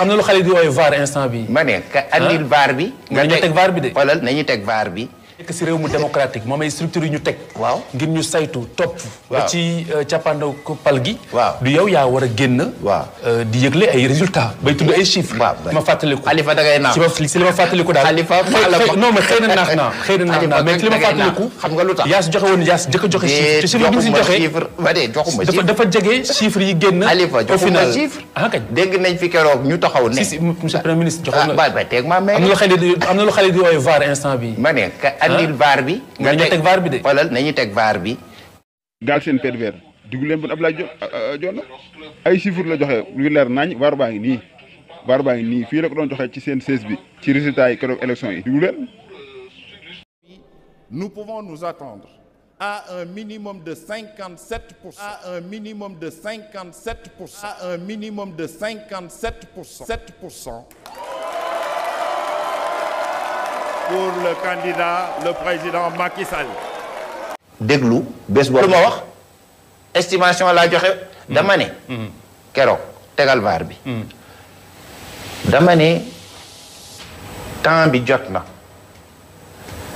am na lu xale di woy VAR instant bi ma ne ka andil VAR bi. nga teg VAR bi de. xoolal nañu teg VAR bi. nekk si réew mu démocratique moom ay structure yi ñu teg. waaw ngir ñu saytu a génn. waaw di yëgle ay résultats. bay tudd ay chiffres. ma fàttaliku. Alifa dangay naax si li ma fàttaliku daal. Alifa non mais xëy na naax naa. xëy na naax naa mais li ma fàttaliku. xam nga lu andil ah. vaar bi. nga tek vaar bi de xoolal nañu tek vaar bi. gal seen pervers diggu leen bon Abdoulaye ah, ah, jonne ay chiffres la joxe lu leer nañ vaar baangi ni nii baangi ni fi rek doon joxe ci seen seize bi ci résultat yi keroog élection yi diggu leen. nous pouvons nous attendre à un minimum de 57 à un minimum de 57 à un minimum de 57 7 pour le candidat le président Macky Sall. déglu bés boobu. lu mort, wax estimation la joxe. Hmm. dama ne. Hmm. Kéro, tegal varbi. bi. Hmm. dama ne temps bi jot na.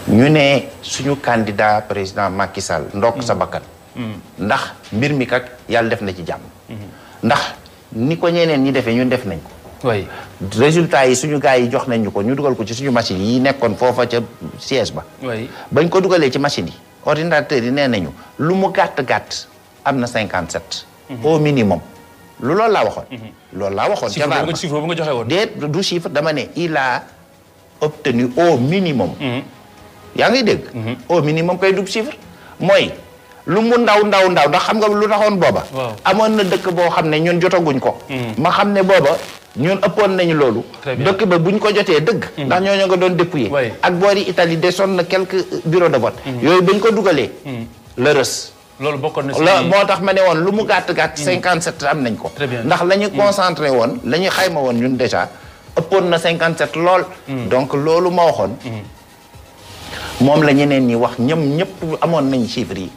ñu ne candidat président Macky Sall. ndokk sabakan. bakkan. ndax mbir mi kat yàlla def na ci jàmm. ndax ni ko ñeneen ñi def oui résultat yi suñu gars yi jox nañu ko ñu dugal ko ci suñu machine yi nekkoon foofa ca siège ba. oui bañ ko dugalee ci machine yi ordinateur yi nee nañu lu mu gàtt gàtt am na cinquante 57. Mhm. au minimum. lu lool laa waxoon. loolu laa waxoon. Mhm. ca nga chiffre bu nga joxe woon. déet du chiffre dama ne il a obtenu au minimum. Mhm. yaa ngi dégg. au minimum koy dugg chiffre mooy. lu mu ndaw ndaw ndaw ndax xam nga lu taxoon booba. amoon na dëkk boo xam ne ñun jotaguñ ko. ma xam ne booba ñun ëppoon nañu loolu. dëkk ba bu ñu ko jotee dëgg. Mm-hmm. ndax ñoo ñooñu nga doon dépouiller. ak boori Italie desoon na quelques euh, bureaux de vote. Mm-hmm. yooyu ba ñu ko dugalee. Mm-hmm. la rës. loolu bokkoon na moo tax ma ne woon lu mu gàtt gàtt. 57 am nañ ko. ndax la ñu concentré woon la ñu xayma woon ñun déjà ëppoon na 57 lool. donc loolu ma waxoon. moom la ñeneen ñi wax ñoom ñëpp amoon nañ chiffres yi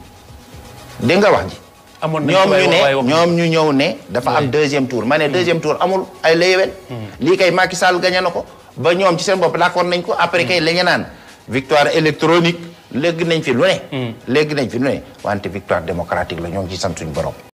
dégg nga wax ji. amoon ñoom ñu ñoom ñu ñëw ne. dafa am deuxième tour ma deuxième tour amul ay léewel. Hmm. lii kay Macky Sall gagné na ko ba ñoom ci seen bopp d'accord nañ ko après hmm. kay la ñu naan victoire électronique léegi nañ fi lu ne. Hmm. léegi nañ fi lu ne wante victoire démocratique la ñoo ngi ci sant suñu borom.